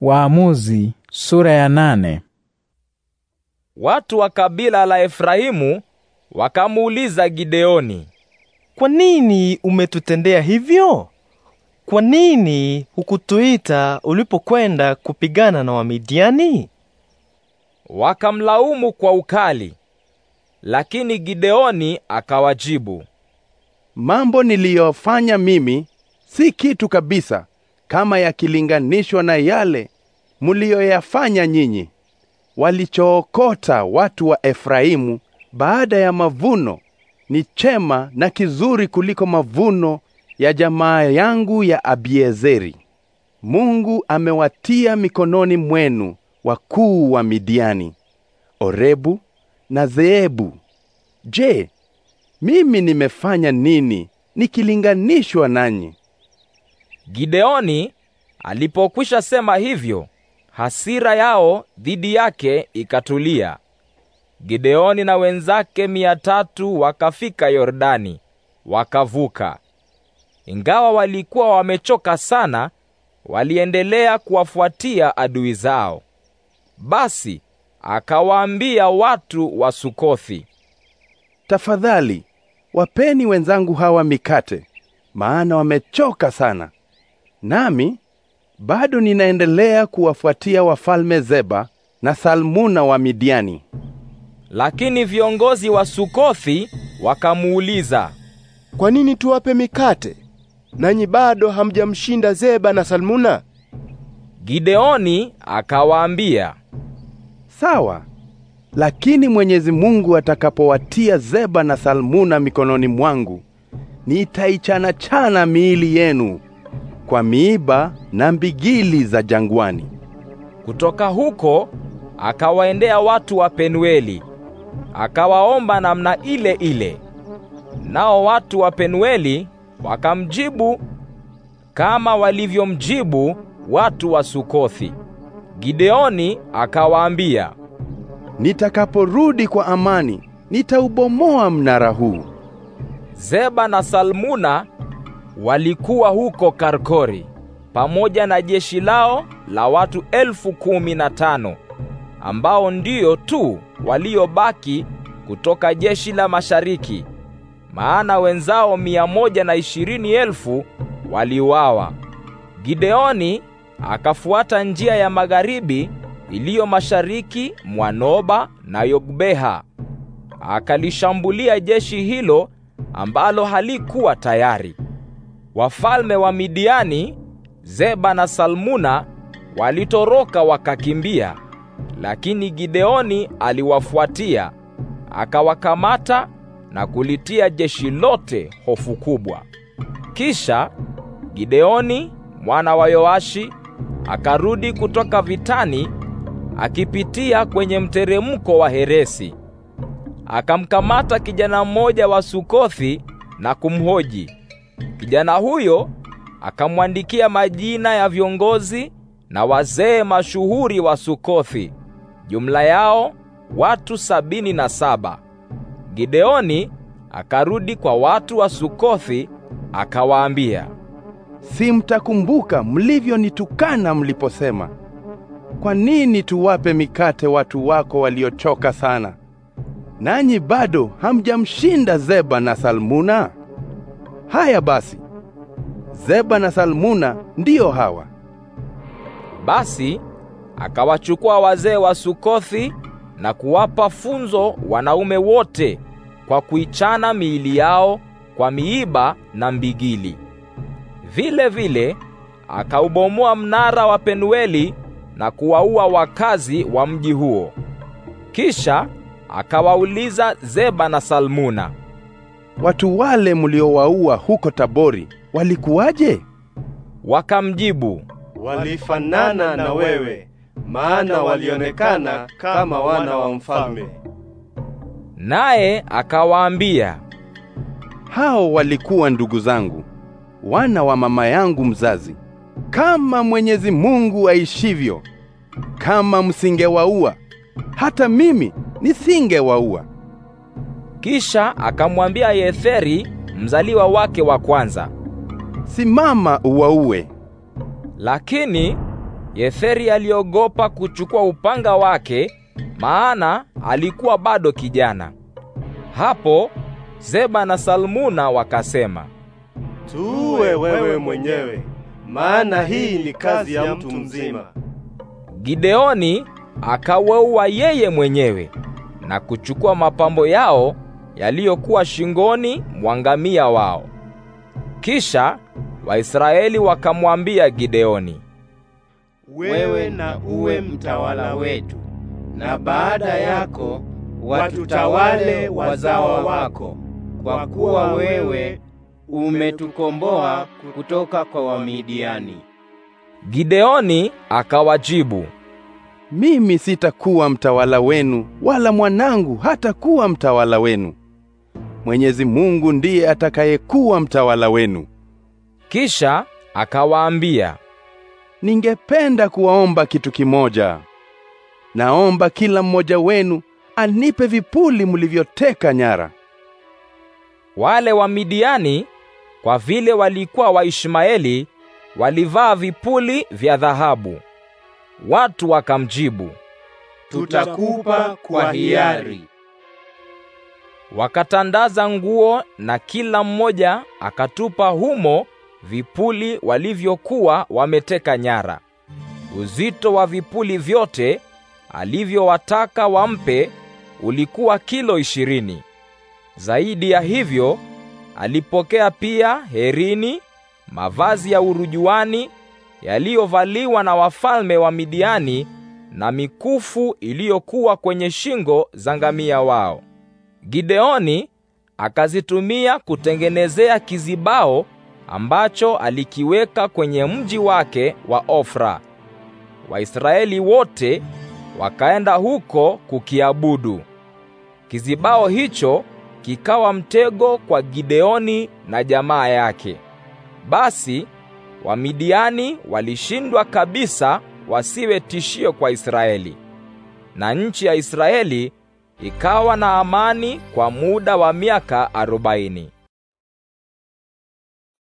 Waamuzi sura ya nane. Watu wa kabila la Efraimu wakamuuliza Gideoni, kwa nini umetutendea hivyo? Kwa nini hukutuita ulipokwenda kupigana na Wamidiani? Wakamlaumu kwa ukali, lakini Gideoni akawajibu, mambo niliyofanya mimi si kitu kabisa kama yakilinganishwa na yale muliyoyafanya nyinyi, walichookota watu wa Efraimu baada ya mavuno ni chema na kizuri kuliko mavuno ya jamaa yangu ya Abiezeri. Mungu amewatia mikononi mwenu wakuu wa Midiani, Orebu na Zeebu. Je, mimi nimefanya nini nikilinganishwa nanyi? Gideoni alipokwisha sema hivyo, hasira yao dhidi yake ikatulia. Gideoni na wenzake mia tatu wakafika Yordani, wakavuka. Ingawa walikuwa wamechoka sana, waliendelea kuwafuatia adui zao. Basi akawaambia watu wa Sukothi, tafadhali wapeni wenzangu hawa mikate, maana wamechoka sana. Nami bado ninaendelea kuwafuatia wafalme Zeba na Salmuna wa Midiani. Lakini viongozi wa Sukothi wakamuuliza, kwa nini tuwape mikate nanyi bado hamjamshinda Zeba na Salmuna? Gideoni akawaambia, sawa, lakini Mwenyezi Mungu atakapowatia Zeba na Salmuna mikononi mwangu, nitaichana-chana miili yenu kwa miiba na mbigili za jangwani. Kutoka huko akawaendea watu wa Penueli, akawaomba namna ile ile. Nao watu wa Penueli wakamjibu kama walivyomjibu watu wa Sukothi. Gideoni akawaambia, nitakaporudi kwa amani nitaubomoa mnara huu. Zeba na Salmuna walikuwa huko Karkori pamoja na jeshi lao la watu elfu kumi na tano ambao ndio tu waliobaki kutoka jeshi la mashariki, maana wenzao mia moja na ishirini elfu waliuawa. Gideoni akafuata njia ya magharibi iliyo mashariki mwa Noba na Yogbeha, akalishambulia jeshi hilo ambalo halikuwa tayari. Wafalme wa Midiani, Zeba na Salmuna, walitoroka wakakimbia, lakini Gideoni aliwafuatia, akawakamata na kulitia jeshi lote hofu kubwa. Kisha Gideoni mwana wa Yoashi akarudi kutoka vitani akipitia kwenye mteremko wa Heresi. Akamkamata kijana mmoja wa Sukothi na kumhoji, Kijana huyo akamwandikia majina ya viongozi na wazee mashuhuri wa Sukothi, jumla yao watu sabini na saba. Gideoni akarudi kwa watu wa Sukothi akawaambia, si mtakumbuka mlivyonitukana mliposema, kwa nini tuwape mikate watu wako waliochoka sana? Nanyi bado hamjamshinda Zeba na Salmuna? Haya basi, Zeba na Salmuna ndiyo hawa. Basi akawachukua wazee wa Sukothi na kuwapa funzo wanaume wote kwa kuichana miili yao kwa miiba na mbigili. Vile vile akaubomoa mnara wa Penueli na kuwaua wakazi wa mji huo. Kisha akawauliza Zeba na Salmuna, watu wale mliowaua huko Tabori walikuwaje? Wakamjibu, walifanana na wewe, maana walionekana kama wana wa mfalme. Naye akawaambia, hao walikuwa ndugu zangu, wana wa mama yangu mzazi. Kama Mwenyezi Mungu aishivyo, kama msingewaua, hata mimi nisingewaua. Kisha akamwambia Yetheri, mzaliwa wake wa kwanza, simama uwaue. Lakini Yetheri aliogopa kuchukua upanga wake, maana alikuwa bado kijana. Hapo Zeba na Salmuna wakasema, tuue wewe mwenyewe, maana hii ni kazi ya mtu mzima. Gideoni akaweua yeye mwenyewe na kuchukua mapambo yao yaliyokuwa shingoni mwa ngamia wao. Kisha Waisraeli wakamwambia Gideoni, wewe na uwe mtawala wetu, na baada yako watutawale wazawa wako, kwa kuwa wewe umetukomboa kutoka kwa Wamidiani. Gideoni akawajibu, mimi sitakuwa mtawala wenu, wala mwanangu hatakuwa mtawala wenu. Mwenyezi Mungu ndiye atakayekuwa mtawala wenu. Kisha akawaambia, ningependa kuwaomba kitu kimoja. Naomba kila mmoja wenu anipe vipuli mlivyoteka nyara. Wale wa Midiani kwa vile walikuwa Ishmaeli, walivaa vipuli vya dhahabu. Watu wakamjibu, tutakupa kwa hiari, Wakatandaza nguo na kila mmoja akatupa humo vipuli walivyokuwa wameteka nyara. Uzito wa vipuli vyote alivyowataka wampe ulikuwa kilo ishirini. Zaidi ya hivyo, alipokea pia herini, mavazi ya urujuani yaliyovaliwa na wafalme wa Midiani na mikufu iliyokuwa kwenye shingo za ngamia wao. Gideoni akazitumia kutengenezea kizibao ambacho alikiweka kwenye mji wake wa Ofra. Waisraeli wote wakaenda huko kukiabudu. Kizibao hicho kikawa mtego kwa Gideoni na jamaa yake. Basi Wamidiani walishindwa kabisa wasiwe tishio kwa Israeli. Na nchi ya Israeli ikawa na amani kwa muda wa miaka arobaini.